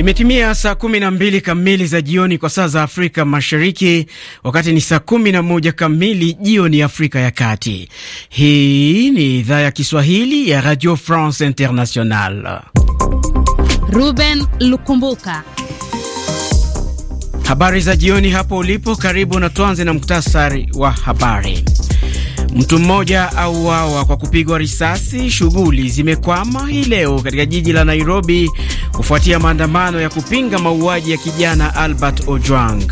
Imetimia saa kumi na mbili kamili za jioni kwa saa za Afrika Mashariki, wakati ni saa kumi na moja kamili jioni Afrika ya Kati. Hii ni idhaa ya Kiswahili ya Radio France International. Ruben Lukumbuka, habari za jioni hapo ulipo. Karibu na tuanze na muktasari wa habari. Mtu mmoja auawa kwa kupigwa risasi. Shughuli zimekwama hii leo katika jiji la Nairobi kufuatia maandamano ya kupinga mauaji ya kijana Albert Ojwang.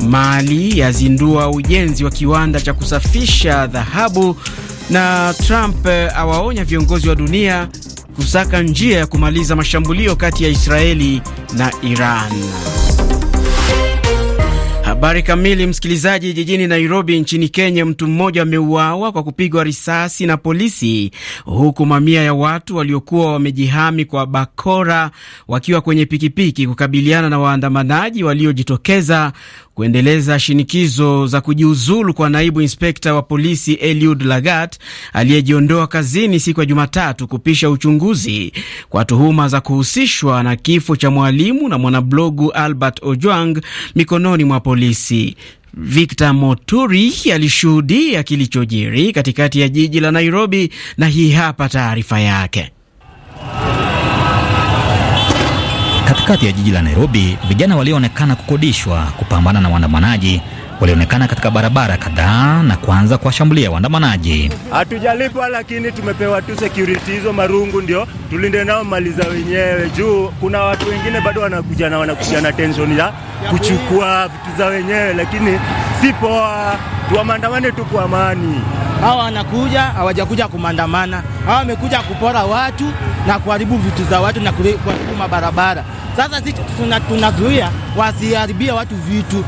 Mali yazindua ujenzi wa kiwanda cha kusafisha dhahabu, na Trump awaonya viongozi wa dunia kusaka njia ya kumaliza mashambulio kati ya Israeli na Iran. Habari kamili, msikilizaji. Jijini Nairobi nchini Kenya, mtu mmoja ameuawa kwa kupigwa risasi na polisi, huku mamia ya watu waliokuwa wamejihami kwa bakora wakiwa kwenye pikipiki kukabiliana na waandamanaji waliojitokeza kuendeleza shinikizo za kujiuzulu kwa naibu inspekta wa polisi Eliud Lagat aliyejiondoa kazini siku ya Jumatatu kupisha uchunguzi kwa tuhuma za kuhusishwa na kifo cha mwalimu na mwanablogu Albert Ojwang mikononi mwa polisi. Victor Moturi alishuhudia kilichojiri katikati ya jiji la Nairobi na hii hapa taarifa yake. katikati ya jiji la Nairobi, vijana walioonekana kukodishwa kupambana na waandamanaji walionekana katika barabara kadhaa na kuanza kuwashambulia waandamanaji. Hatujalipwa, lakini tumepewa tu security hizo marungu, ndio tulinde nao mali za wenyewe, juu kuna watu wengine bado wanakuja na wanakuja na tension ya kuchukua vitu za wenyewe, lakini si poa tuwamandamane tu kwa amani. Hawa wanakuja hawajakuja kumandamana, hawa wamekuja kupora watu na kuharibu vitu za watu na kuharibu mabarabara. Sasa sisi tunazuia wasiharibia watu vitu.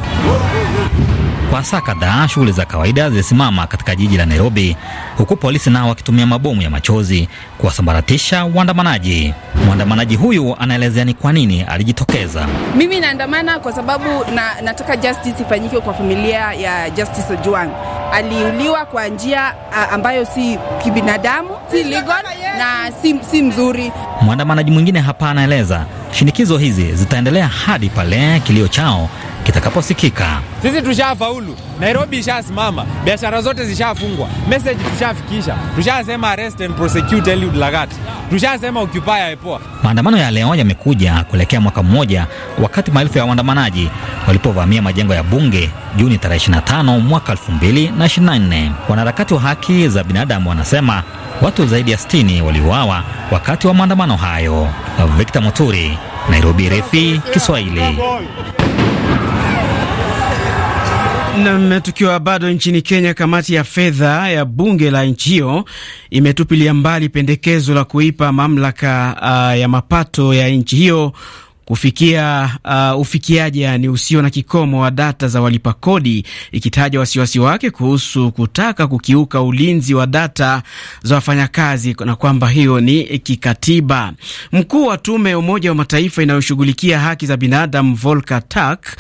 Kwa saa kadhaa shughuli za kawaida zilisimama katika jiji la Nairobi, huku polisi nao wakitumia mabomu ya machozi kuwasambaratisha waandamanaji. Mwandamanaji huyu anaelezea ni kwa nini alijitokeza. Mimi naandamana kwa sababu na, nataka justice ifanyike kwa familia ya Justice Ojwang. Aliuliwa kwa njia ambayo si kibinadamu, si legal na si, si mzuri. Mwandamanaji mwingine hapa anaeleza shinikizo hizi zitaendelea hadi pale kilio chao kitakaposikika. Sisi tushafaulu, Nairobi ishasimama, biashara zote zishafungwa, message tushafikisha, tushasema arrest and prosecute Eliud Lagat, tushasema occupy IPOA. Maandamano ya leo yamekuja kuelekea mwaka mmoja, wakati maelfu ya waandamanaji walipovamia majengo ya bunge Juni 25 mwaka 2024. Wanaharakati wa haki za binadamu wanasema watu zaidi ya 60 waliuawa wakati wa maandamano hayo. Victor Muturi, Nairobi, RFI Kiswahili. Nam, tukiwa bado nchini Kenya, kamati ya fedha ya bunge la nchi hiyo imetupilia mbali pendekezo la kuipa mamlaka uh, ya mapato ya nchi hiyo kufikia uh, ufikiaji ni usio na kikomo wa data za walipa kodi, ikitaja wasiwasi wake kuhusu kutaka kukiuka ulinzi wa data za wafanyakazi na kwamba hiyo ni kikatiba. Mkuu wa tume ya Umoja wa Mataifa inayoshughulikia haki za binadamu Volker Turk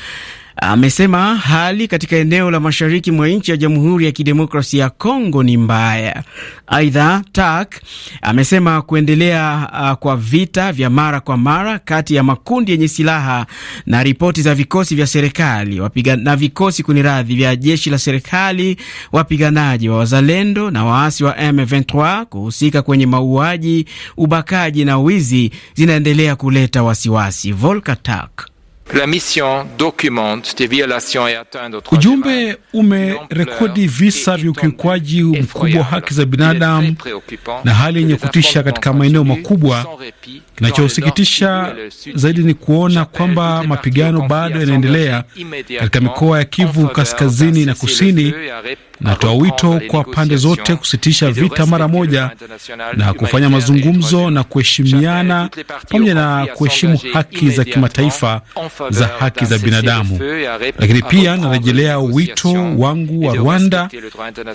amesema hali katika eneo la mashariki mwa nchi ya Jamhuri ya Kidemokrasia ya Kongo ni mbaya. Aidha, Tak amesema kuendelea uh, kwa vita vya mara kwa mara kati ya makundi yenye silaha na ripoti za vikosi vya serikali wapiga, na vikosi radhi vya jeshi la serikali, wapiganaji wa wazalendo na waasi wa M23 kuhusika kwenye mauaji, ubakaji na wizi zinaendelea kuleta wasiwasi. Volker Tak la mission documente des violations et ujumbe umerekodi visa vya ukiukwaji mkubwa wa haki za binadamu na hali yenye kutisha katika maeneo makubwa. Kinachosikitisha zaidi ni kuona kwamba mapigano bado yanaendelea katika mikoa ya Kivu kaskazini na kusini. Natoa wito kwa pande zote kusitisha vita mara moja na kufanya mazungumzo na kuheshimiana pamoja na kuheshimu haki za kimataifa za haki za binadamu, lakini pia narejelea wito wangu wa Rwanda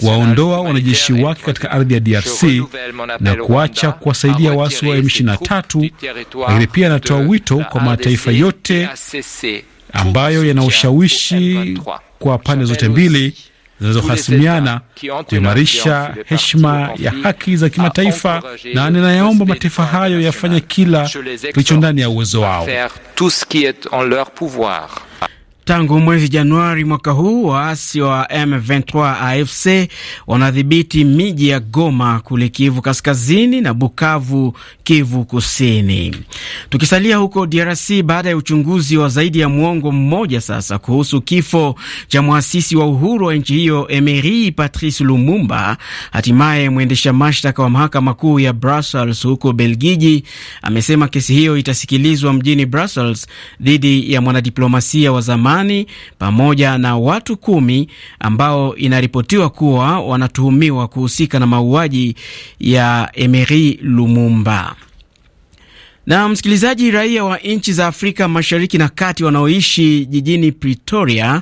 waondoa wanajeshi wake katika ardhi ya DRC na kuacha kuwasaidia waasi wa M23, lakini pia anatoa wito kwa mataifa yote ambayo yana ushawishi kwa pande zote mbili zinazohasimiana kuimarisha heshima ya haki za kimataifa, na ninayaomba mataifa hayo yafanye kila kilicho ndani ya uwezo wao. Tangu mwezi Januari mwaka huu waasi wa M23 AFC wanadhibiti miji ya Goma kule Kivu Kaskazini na Bukavu Kivu Kusini. Tukisalia huko DRC, baada ya uchunguzi wa zaidi ya mwongo mmoja sasa kuhusu kifo cha mwasisi wa uhuru wa nchi hiyo Emery Patrice Lumumba, hatimaye mwendesha mashtaka wa mahakama kuu ya Brussels huko Belgiji amesema kesi hiyo itasikilizwa mjini Brussels dhidi ya mwanadiplomasia wa zamani pamoja na watu kumi ambao inaripotiwa kuwa wanatuhumiwa kuhusika na mauaji ya Emery Lumumba. Na msikilizaji, raia wa nchi za Afrika Mashariki na Kati wanaoishi jijini Pretoria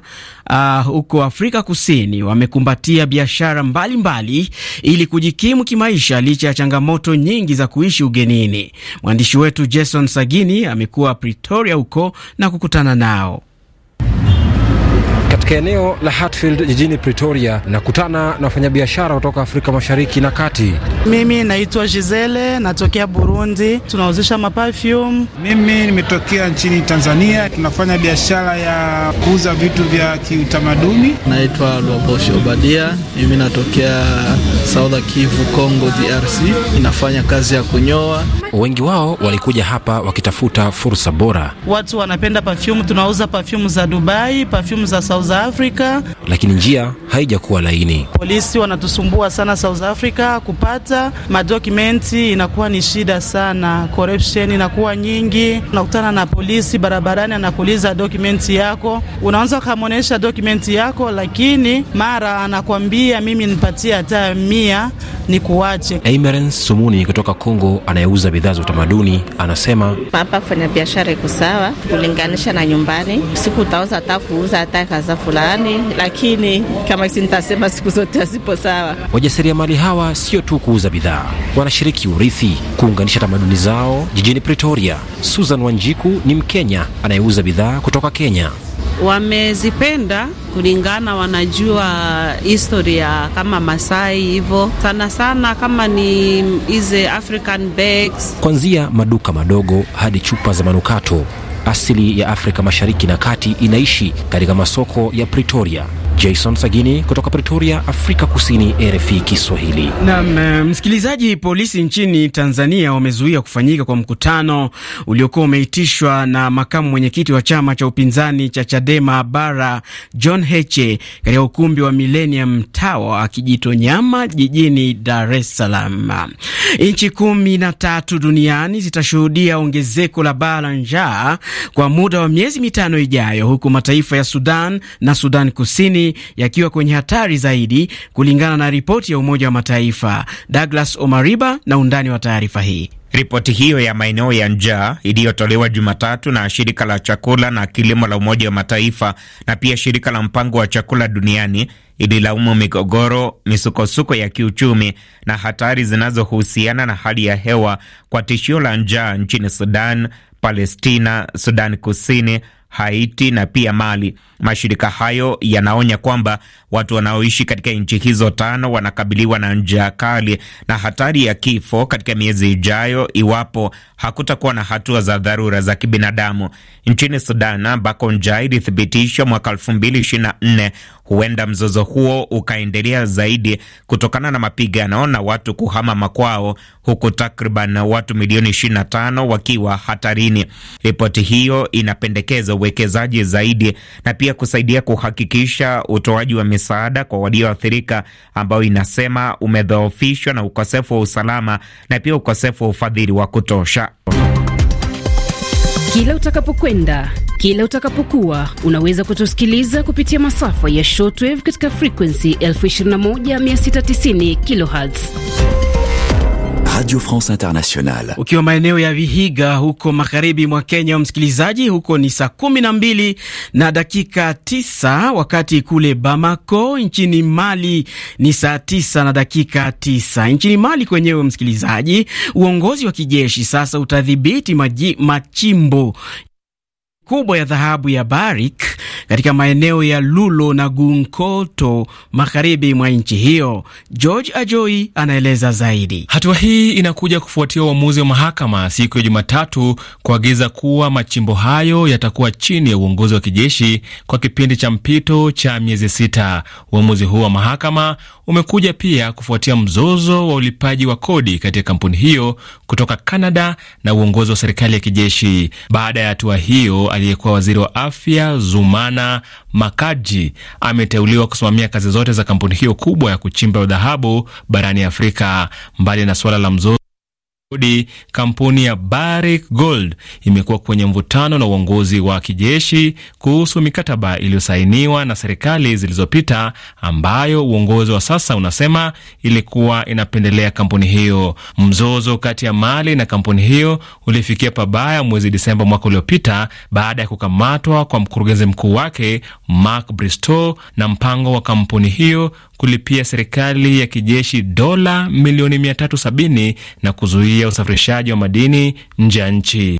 uh, huko Afrika Kusini wamekumbatia biashara mbalimbali ili kujikimu kimaisha licha ya changamoto nyingi za kuishi ugenini. Mwandishi wetu Jason Sagini amekuwa Pretoria huko na kukutana nao katika eneo la Hatfield jijini Pretoria na kutana na wafanyabiashara kutoka Afrika Mashariki na Kati. Mimi naitwa Gisele, natokea Burundi, tunauzisha mapafyum. Mimi nimetokea nchini Tanzania, tunafanya biashara ya kuuza vitu vya kiutamaduni. Naitwa Lwaboshi Obadia, mimi natokea South Kivu, Congo DRC, inafanya kazi ya kunyoa. Wengi wao walikuja hapa wakitafuta fursa bora. Watu wanapenda perfume, tunauza perfume za Dubai, perfume za South za Africa, lakini njia haijakuwa laini. Polisi wanatusumbua sana South Africa, kupata madokumenti inakuwa ni shida sana, corruption inakuwa nyingi. Unakutana na polisi barabarani, anakuuliza dokumenti yako, unaanza ukamwonyesha dokumenti yako, lakini mara anakwambia mimi nipatie hata mia ni kuwache. Emerence Sumuni kutoka Kongo anayeuza bidhaa za utamaduni anasema, hapa kufanya biashara iko sawa kulinganisha na nyumbani. Siku utaweza hata kuuza hata kaza fulani, lakini kama si nitasema siku zote hazipo sawa. Wajasiriamali hawa sio tu kuuza bidhaa, wanashiriki urithi, kuunganisha tamaduni zao. Jijini Pretoria, Susan Wanjiku ni Mkenya anayeuza bidhaa kutoka Kenya wamezipenda kulingana, wanajua historia kama Masai hivyo sana sana, kama ni hizi African bags, kuanzia maduka madogo hadi chupa za manukato. Asili ya Afrika Mashariki na Kati inaishi katika masoko ya Pretoria Jason Sagini kutoka Pretoria, Afrika Kusini, RFI Kiswahili. Naam eh, msikilizaji, polisi nchini Tanzania wamezuia kufanyika kwa mkutano uliokuwa umeitishwa na makamu mwenyekiti wa chama cha upinzani cha Chadema bara John Heche katika ukumbi wa Millennium Tower akijitonyama jijini Dar es Salaam. Nchi kumi na tatu duniani zitashuhudia ongezeko la baa la njaa kwa muda wa miezi mitano ijayo, huku mataifa ya Sudan na Sudan Kusini yakiwa kwenye hatari zaidi kulingana na ripoti ya Umoja wa Mataifa. Douglas Omariba na undani wa taarifa hii. Ripoti hiyo ya maeneo ya njaa iliyotolewa Jumatatu na shirika la chakula na kilimo la Umoja wa Mataifa na pia shirika la mpango wa chakula duniani ililaumu migogoro, misukosuko ya kiuchumi na hatari zinazohusiana na hali ya hewa kwa tishio la njaa nchini Sudan, Palestina, Sudan Kusini, Haiti na pia Mali. Mashirika hayo yanaonya kwamba Watu wanaoishi katika nchi hizo tano wanakabiliwa na njaa kali na hatari ya kifo katika miezi ijayo iwapo hakutakuwa na hatua za dharura za kibinadamu. Nchini Sudan ambako njaa ilithibitishwa mwaka 2024 huenda mzozo huo ukaendelea zaidi kutokana na mapigano na watu kuhama makwao, huku takriban watu milioni 25 wakiwa hatarini. Ripoti hiyo inapendekeza uwekezaji zaidi na pia kusaidia kuhakikisha utoaji wa misaada kwa walioathirika ambayo inasema umedhoofishwa na ukosefu wa usalama na pia ukosefu wa ufadhili wa kutosha. Kila utakapokwenda, kila utakapokuwa, unaweza kutusikiliza kupitia masafa ya shortwave katika frequency 21690 kilohertz Radio France Internationale. Ukiwa maeneo ya Vihiga huko magharibi mwa Kenya, msikilizaji, huko ni saa kumi na mbili na dakika tisa wakati kule Bamako nchini Mali ni saa tisa na dakika tisa Nchini Mali kwenyewe, msikilizaji, uongozi wa kijeshi sasa utadhibiti machimbo kubwa ya dhahabu ya Barrick katika maeneo ya Lulo na Gunkoto magharibi mwa nchi hiyo. George Ajoi anaeleza zaidi. Hatua hii inakuja kufuatia uamuzi wa mahakama siku ya Jumatatu kuagiza kuwa machimbo hayo yatakuwa chini ya uongozi wa kijeshi kwa kipindi cha mpito cha miezi sita. Uamuzi huu wa mahakama umekuja pia kufuatia mzozo wa ulipaji wa kodi kati ya kampuni hiyo kutoka canada na uongozi wa serikali ya kijeshi. Baada ya hatua hiyo aliyekuwa waziri wa afya Zumana Makaji ameteuliwa kusimamia kazi zote za kampuni hiyo kubwa ya kuchimba dhahabu barani Afrika. Mbali na suala la mzozo Hodi, kampuni ya Barrick Gold imekuwa kwenye mvutano na uongozi wa kijeshi kuhusu mikataba iliyosainiwa na serikali zilizopita ambayo uongozi wa sasa unasema ilikuwa inapendelea kampuni hiyo. Mzozo kati ya Mali na kampuni hiyo ulifikia pabaya mwezi Disemba mwaka uliopita baada ya kukamatwa kwa mkurugenzi mkuu wake Mark Bristow na mpango wa kampuni hiyo kulipia serikali ya kijeshi dola milioni 370 na kuzuia usafirishaji wa madini nje ya nchi.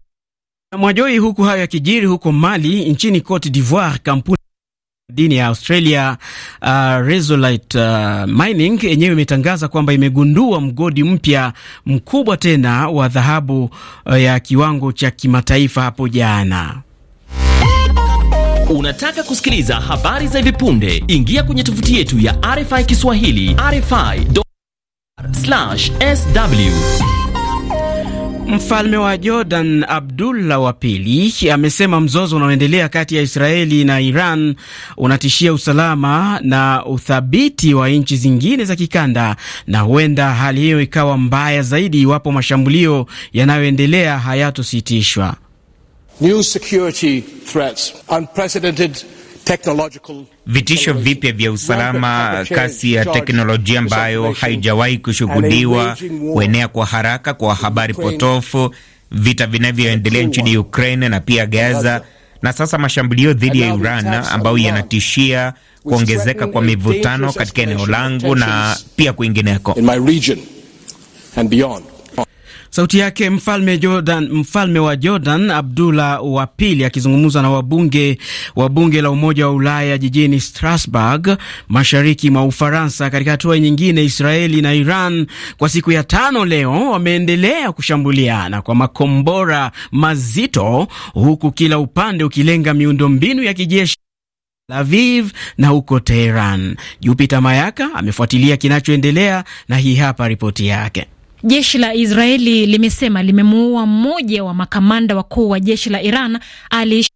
Mwajoi, huku hayo yakijiri huko Mali, nchini Cote d'Ivoire, kampuni madini ya Australia uh, Resolite uh, Mining yenyewe imetangaza kwamba imegundua mgodi mpya mkubwa tena wa dhahabu uh, ya kiwango cha kimataifa hapo jana. Unataka kusikiliza habari za hivi punde? Ingia kwenye tovuti yetu ya RFI Kiswahili, rfi.sw. Mfalme wa Jordan Abdullah wa pili amesema mzozo unaoendelea kati ya Israeli na Iran unatishia usalama na uthabiti wa nchi zingine za kikanda, na huenda hali hiyo ikawa mbaya zaidi iwapo mashambulio yanayoendelea hayatositishwa. New security threats, unprecedented vitisho vipya vya usalama, kasi ya teknolojia ambayo haijawahi kushuhudiwa, kuenea kwa haraka kwa habari potofu, vita vinavyoendelea nchini Ukraine na pia Gaza, na sasa mashambulio dhidi ya Iran ambayo yanatishia kuongezeka kwa mivutano katika eneo langu na pia kwingineko. Sauti yake mfalme Jordan, mfalme wa Jordan Abdullah wa pili akizungumza na wabunge wa bunge la Umoja wa Ulaya jijini Strasbourg, mashariki mwa Ufaransa. Katika hatua nyingine, Israeli na Iran kwa siku ya tano leo wameendelea kushambuliana kwa makombora mazito, huku kila upande ukilenga miundombinu ya kijeshi Tel Aviv na huko Teheran. Jupita Mayaka amefuatilia kinachoendelea na hii hapa ripoti yake. Jeshi la Israeli limesema limemuua mmoja wa makamanda wakuu wa jeshi la Iran ali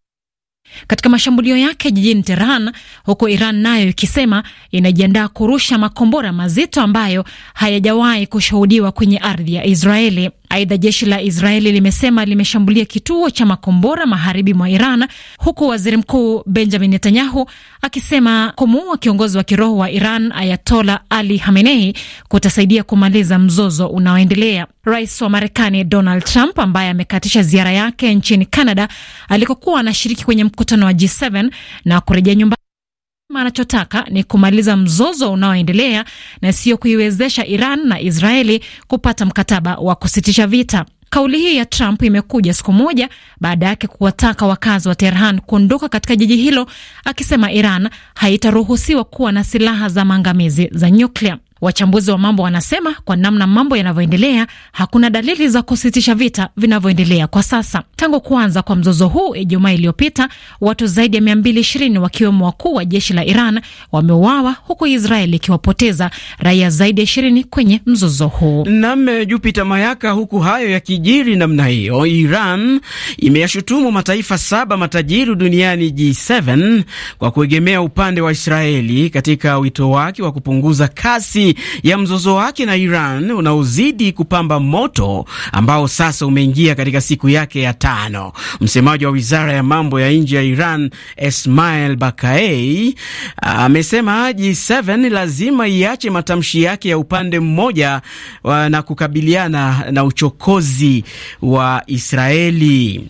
katika mashambulio yake jijini Tehran, huku Iran nayo ikisema inajiandaa kurusha makombora mazito ambayo hayajawahi kushuhudiwa kwenye ardhi ya Israeli. Aidha, jeshi la Israeli limesema limeshambulia kituo cha makombora magharibi mwa Iran, huku waziri mkuu Benjamin Netanyahu akisema kumuua kiongozi wa kiroho wa Iran Ayatola Ali Hamenei kutasaidia kumaliza mzozo unaoendelea. Rais wa Marekani Donald Trump ambaye amekatisha ziara yake nchini Canada alikokuwa anashiriki kwenye mkutano wa G7 na kurejea nyumbani anachotaka ni kumaliza mzozo unaoendelea na sio kuiwezesha Iran na Israeli kupata mkataba wa kusitisha vita. Kauli hii ya Trump imekuja siku moja baada yake kuwataka wakazi wa Tehran kuondoka katika jiji hilo, akisema Iran haitaruhusiwa kuwa na silaha za maangamizi za nyuklia. Wachambuzi wa mambo wanasema kwa namna mambo yanavyoendelea, hakuna dalili za kusitisha vita vinavyoendelea kwa sasa. Tangu kuanza kwa mzozo huu Ijumaa iliyopita, watu zaidi ya 220 wakiwemo wakuu wa jeshi la Iran wameuawa huku Israeli ikiwapoteza raia zaidi ya 20 kwenye mzozo huu. Nam eh, Jupita Mayaka, huku hayo yakijiri namna hiyo, Iran imeyashutumu mataifa saba matajiri duniani G7 kwa kuegemea upande wa Israeli katika wito wake wa kupunguza kasi ya mzozo wake na Iran unaozidi kupamba moto ambao sasa umeingia katika siku yake ya tano. Msemaji wa wizara ya mambo ya nje ya Iran Esmail Bakaei amesema G7 lazima iache matamshi yake ya upande mmoja uh, na kukabiliana na uchokozi wa Israeli.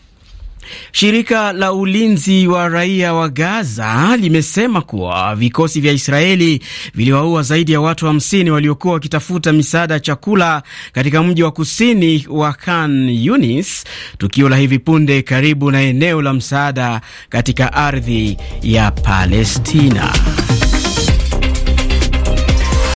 Shirika la ulinzi wa raia wa Gaza limesema kuwa vikosi vya Israeli viliwaua zaidi ya watu hamsini wa waliokuwa wakitafuta misaada ya chakula katika mji wa kusini wa Khan Yunis, tukio la hivi punde karibu na eneo la msaada katika ardhi ya Palestina.